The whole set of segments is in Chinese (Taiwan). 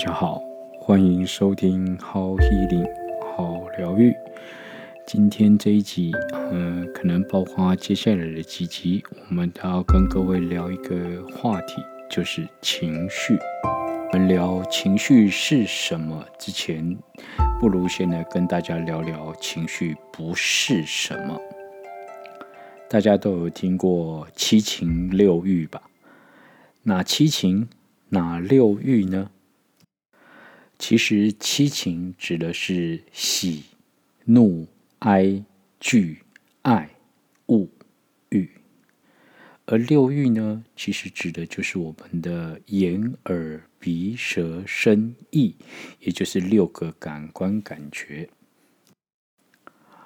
大家好，歡迎收聽《好心靈，好療癒》。今天這一集，嗯、呃，可能包括接下來的幾集，我們都要跟各位聊一個話題，就是情緒。我們聊情緒是什麼之前，不如先來跟大家聊聊情緒不是什麼。大家都有聽過七情六慾吧？哪七情？哪六慾呢？其實七情指的是喜、怒、哀、懼、愛、惡、慾，而六欲呢，其實指的就是我們的眼、耳、鼻、舌、身、意，也就是六個感官感覺。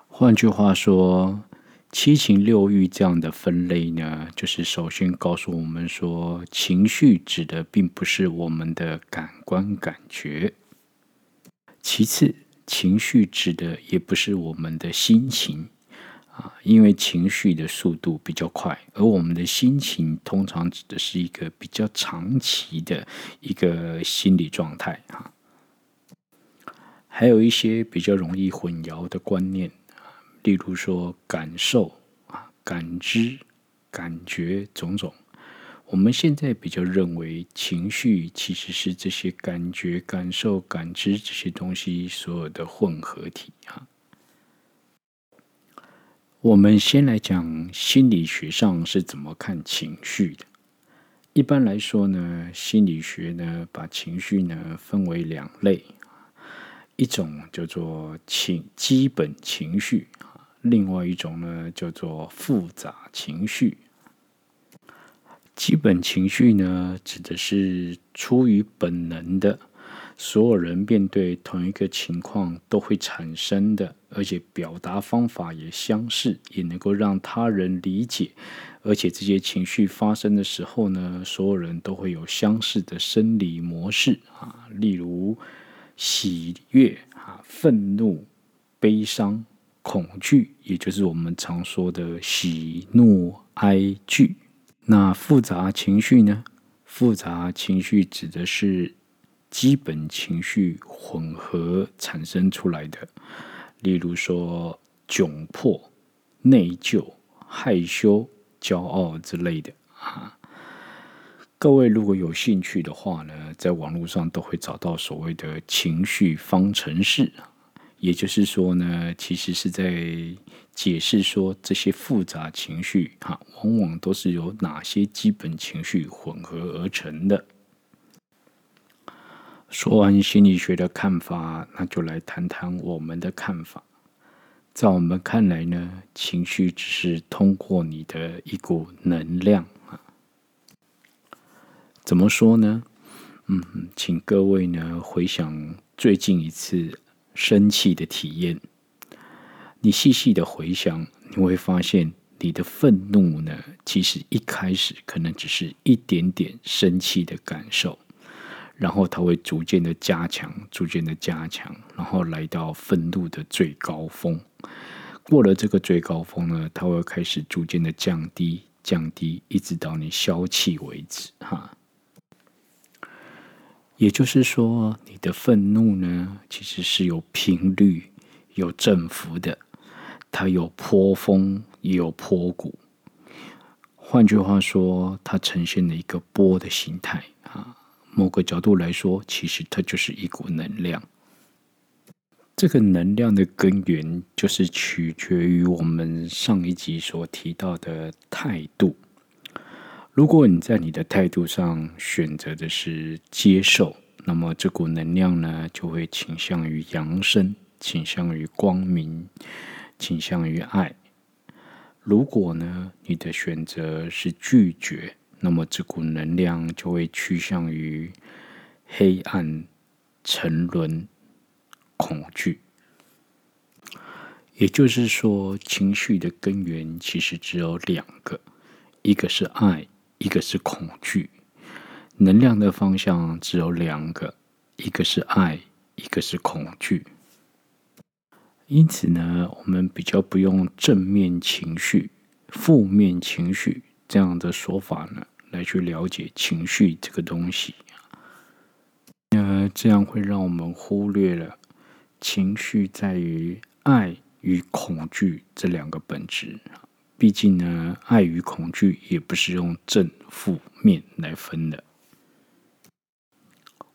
換句話說，七情六欲這樣的分類呢，就是首先告訴我們說，情緒指的並不是我們的感官感覺。其次，情緒指的也不是我們的心情啊，因為情緒的速度比較快，而我們的心情通常指的是一個比較長期的一個心理狀態啊。還有一些比較容易混淆的觀念啊，例如說感受啊、感知、感覺種種。我們現在比較認為，情緒其實是這些感覺、感受、感知這些東西所有的混合體啊。我們先來講心理學上是怎麼看情緒的。一般來說呢，心理學呢，把情緒呢，分為兩類，一種叫做情，基本情緒啊，另外一種呢叫做複雜情緒。基本情緒呢，指的是出於本能的，所有人面對同一個情況都會產生的，而且表達方法也相似，也能夠讓他人理解。而且這些情緒發生的時候呢，所有人都會有相似的生理模式啊，例如喜悅啊、憤怒、悲傷、恐懼，也就是我們常說的喜怒哀懼。那複雜情緒呢？複雜情緒指的是基本情緒混合產生出來的，例如說窘迫、內疚、害羞、驕傲之類的啊。各位如果有興趣的話呢，在網絡上都會找到所謂的情緒方程式。也就是說呢，其實是在解釋說這些複雜情緒哈、啊，往往都是由哪些基本情緒混合而成的。說完心理學的看法，那就來談談我們的看法。在我們看來呢，情緒只是通過你的一股能量啊。怎麼說呢？嗯，請各位呢回想最近一次。生氣的體驗，你細細的回想，你會發現你的憤怒呢，其實一開始可能只是一點點生氣的感受，然後它會逐漸的加強，逐漸的加強，然後來到憤怒的最高峰。過了這個最高峰呢，它會開始逐漸的降低，降低，一直到你消氣為止，哈。也就是說，你的憤怒呢，其實是有頻率、有振幅的，它有波峰，也有波谷。換句話說，它呈現了一個波的形態啊。某個角度來說，其實它就是一股能量。這個能量的根源，就是取決於我們上一集所提到的態度。如果你在你的態度上選擇的是接受，那麼這股能量呢，就會傾向於揚升，傾向於光明，傾向於愛。如果呢，你的選擇是拒絕，那麼這股能量就會趨向於黑暗、沉淪、恐懼。也就是說，情緒的根源其實只有兩個，一個是愛。一個是恐懼，能量的方向只有兩個，一個是愛，一個是恐懼。因此呢，我們比較不用“正面情緒”、“負面情緒”這樣的說法呢，來去了解情緒這個東西。呃，這樣會讓我們忽略了情緒在於愛與恐懼這兩個本質。畢竟呢，愛與恐懼也不是用正負面來分的。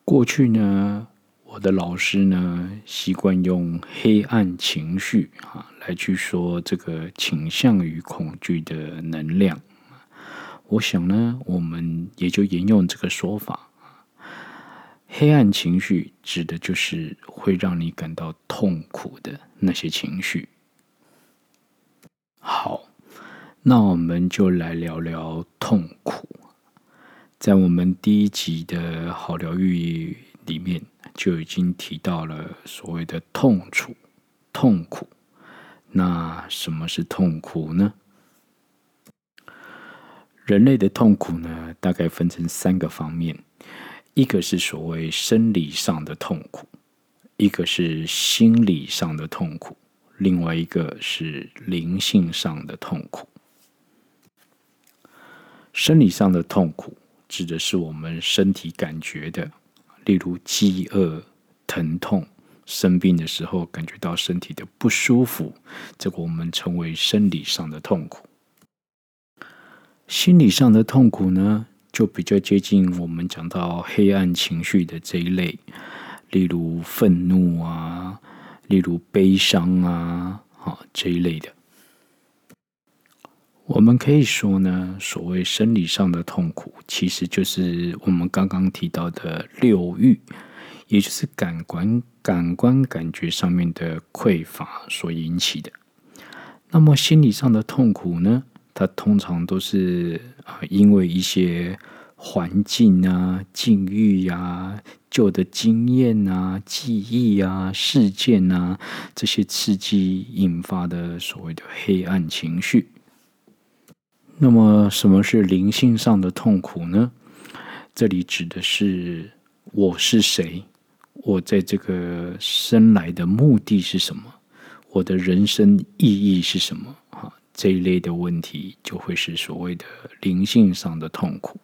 過去呢，我的老師呢，習慣用黑暗情緒啊來去說這個傾向於恐懼的能量。我想呢，我們也就沿用這個說法。黑暗情緒指的就是會讓你感到痛苦的那些情緒。好。那我們就來聊聊痛苦。在我們第一集的《好療癒》裡面就已經提到了所謂的痛楚，痛苦，那什麼是痛苦呢？人類的痛苦呢，大概分成三個方面：一個是所謂生理上的痛苦，一個是心理上的痛苦，另外一個是靈性上的痛苦。生理上的痛苦，指的是我們身體感覺的，例如飢餓、疼痛、生病的時候感覺到身體的不舒服，這個我們稱為生理上的痛苦。心理上的痛苦呢，就比較接近我們講到黑暗情緒的這一類，例如憤怒啊，例如悲傷啊，好，這一類的。我們可以說呢，所謂生理上的痛苦，其實就是我們剛剛提到的六欲，也就是感官、感官感覺上面的匱乏所引起的。那麼心理上的痛苦呢，它通常都是啊，因為一些環境啊、境遇啊、舊的經驗啊、記憶啊、事件啊，這些刺激引發的所謂的黑暗情緒。那麼，什麼是靈性上的痛苦呢？這裡指的是我是誰？我在這個生來的目的是什麼？我的人生意義是什麼？啊，這一類的問題就會是所謂的靈性上的痛苦。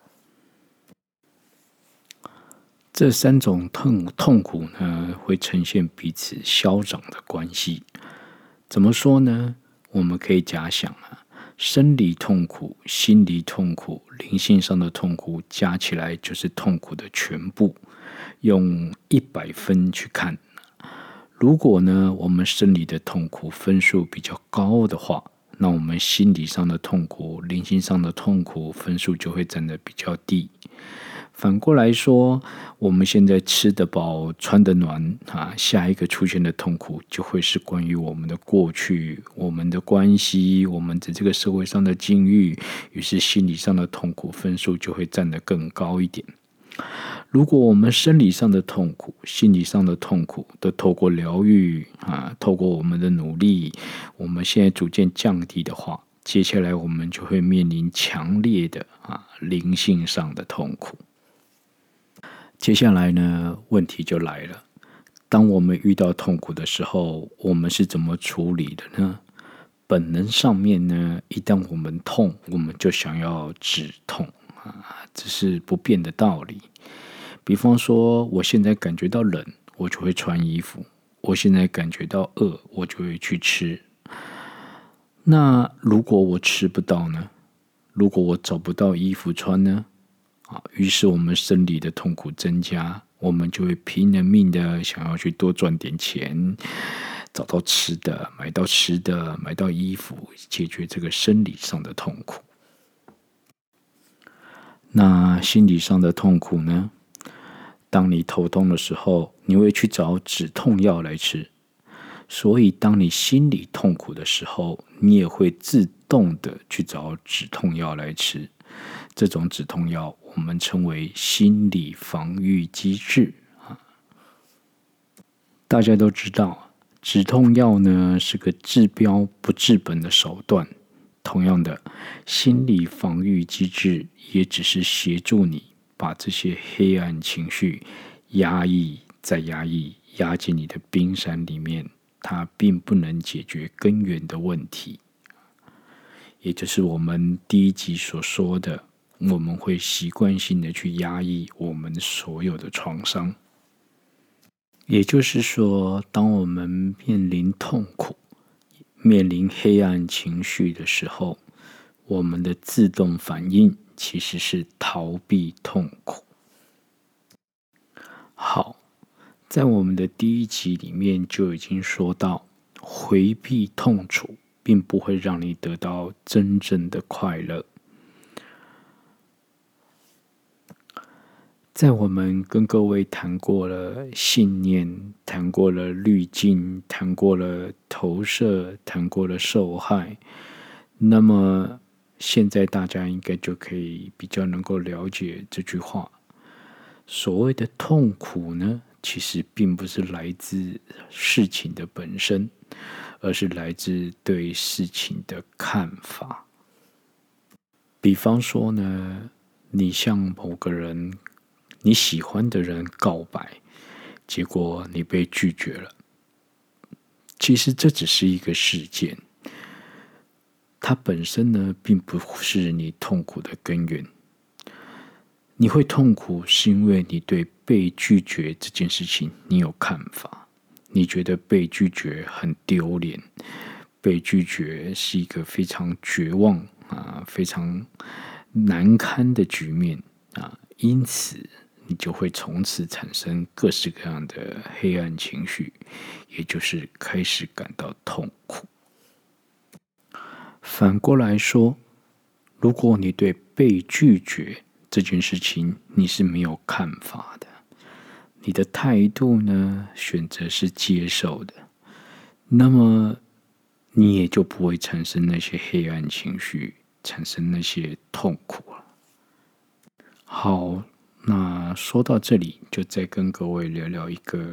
這三種痛痛苦呢，會呈現彼此消長的關係。怎麼說呢？我們可以假想啊。生理痛苦、心理痛苦、靈性上的痛苦加起來就是痛苦的全部。用一百分去看，如果呢，我們生理的痛苦分數比較高的話，那我們心理上的痛苦、靈性上的痛苦分數就會占得比較低。反過來說，我們現在吃得飽、穿得暖，啊，下一個出現的痛苦就會是關於我們的過去、我們的關係、我們的這個社會上的境遇，於是心理上的痛苦分數就會佔得更高一點。如果我們生理上的痛苦、心理上的痛苦都透過療癒啊，透過我們的努力，我們現在逐漸降低的話，接下來我們就會面臨強烈的啊靈性上的痛苦。接下來呢，問題就來了。當我們遇到痛苦的時候，我們是怎麼處理的呢？本能上面呢，一旦我們痛，我們就想要止痛啊，這是不變的道理。比方說，我現在感覺到冷，我就會穿衣服；我現在感覺到餓，我就會去吃。那如果我吃不到呢？如果我找不到衣服穿呢？啊，於是我們生理的痛苦增加，我們就會拼了命的想要去多賺點錢，找到吃的，買到吃的，買到衣服，解決這個生理上的痛苦。那心理上的痛苦呢？當你頭痛的時候，你會去找止痛藥來吃。所以，當你心理痛苦的時候，你也會自動的去找止痛藥來吃。這種止痛藥，我們稱為心理防禦機制啊。大家都知道，止痛藥呢，是個治標不治本的手段。同樣的，心理防禦機制也只是協助你把這些黑暗情緒壓抑、再壓抑、壓進你的冰山裡面，它並不能解決根源的問題。也就是我們第一集所說的。我們會習慣性的去壓抑我們所有的創傷，也就是說，當我們面臨痛苦、面臨黑暗情緒的時候，我們的自動反應其實是逃避痛苦。好，在我們的第一集裡面就已經說到，回避痛楚並不會讓你得到真正的快樂。在我們跟各位談過了信念，談過了濾鏡，談過了投射，談過了受害，那麼現在大家應該就可以比較能夠了解這句話：所謂的痛苦呢，其實並不是來自事情的本身，而是來自對事情的看法。比方說呢，你像某個人。你喜歡的人告白，結果你被拒絕了。其實這只是一個事件，它本身呢，並不是你痛苦的根源。你會痛苦，是因為你對被拒絕這件事情，你有看法。你覺得被拒絕很丟臉，被拒絕是一個非常絕望啊，非常難堪的局面啊，因此。你就會從此產生各式各樣的黑暗情緒，也就是開始感到痛苦。反過來說，如果你對被拒絕這件事情，你是沒有看法的，你的態度呢，選擇是接受的，那麼你也就不會產生那些黑暗情緒，產生那些痛苦了。好。那說到這裡，就再跟各位聊聊一個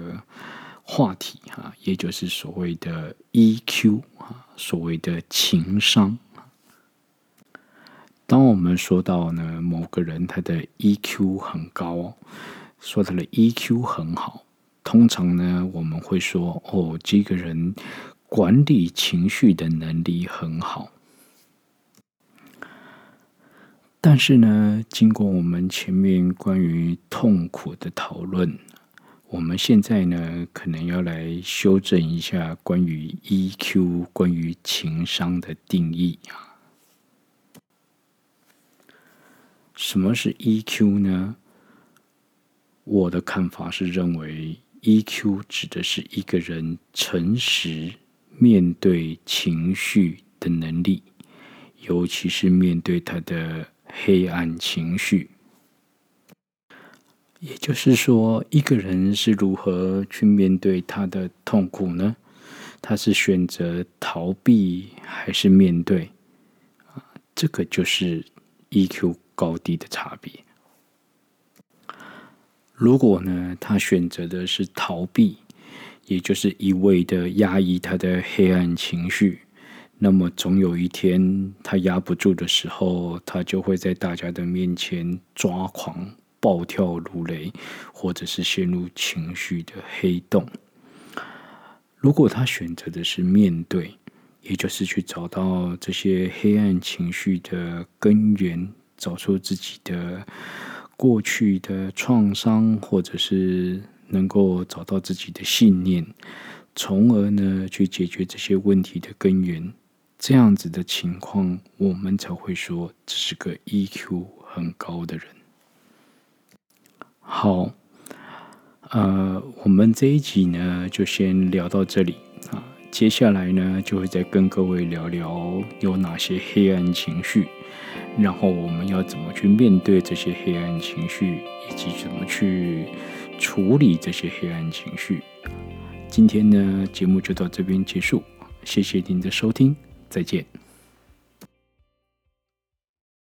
話題哈，也就是所謂的 EQ 啊，所謂的情商。當我們說到呢，某個人他的 EQ 很高，說他的 EQ 很好，通常呢，我們會說，哦，這個人管理情緒的能力很好。但是呢，經過我們前面關於痛苦的討論，我們現在呢，可能要來修正一下關於 EQ、關於情商的定義啊。什麼是 EQ 呢？我的看法是認為，EQ 指的是一個人誠實面對情緒的能力，尤其是面對他的，黑暗情緒，也就是說，一個人是如何去面對他的痛苦呢？他是選擇逃避還是面對？這個就是 EQ 高低的差別。如果呢，他選擇的是逃避，也就是一味的壓抑他的黑暗情緒。那麼，總有一天他壓不住的時候，他就會在大家的面前抓狂、暴跳如雷，或者是陷入情緒的黑洞。如果他選擇的是面對，也就是去找到這些黑暗情緒的根源，找出自己的過去的創傷，或者是能夠找到自己的信念，從而呢去解決這些問題的根源。這樣子的情況，我們才會說這是個 EQ 很高的人。好，呃，我們這一集呢就先聊到這裡啊。接下來呢就會再跟各位聊聊有哪些黑暗情緒，然後我們要怎麼去面對這些黑暗情緒，以及怎麼去處理這些黑暗情緒。今天呢節目就到這邊結束，謝謝您的收聽。再見。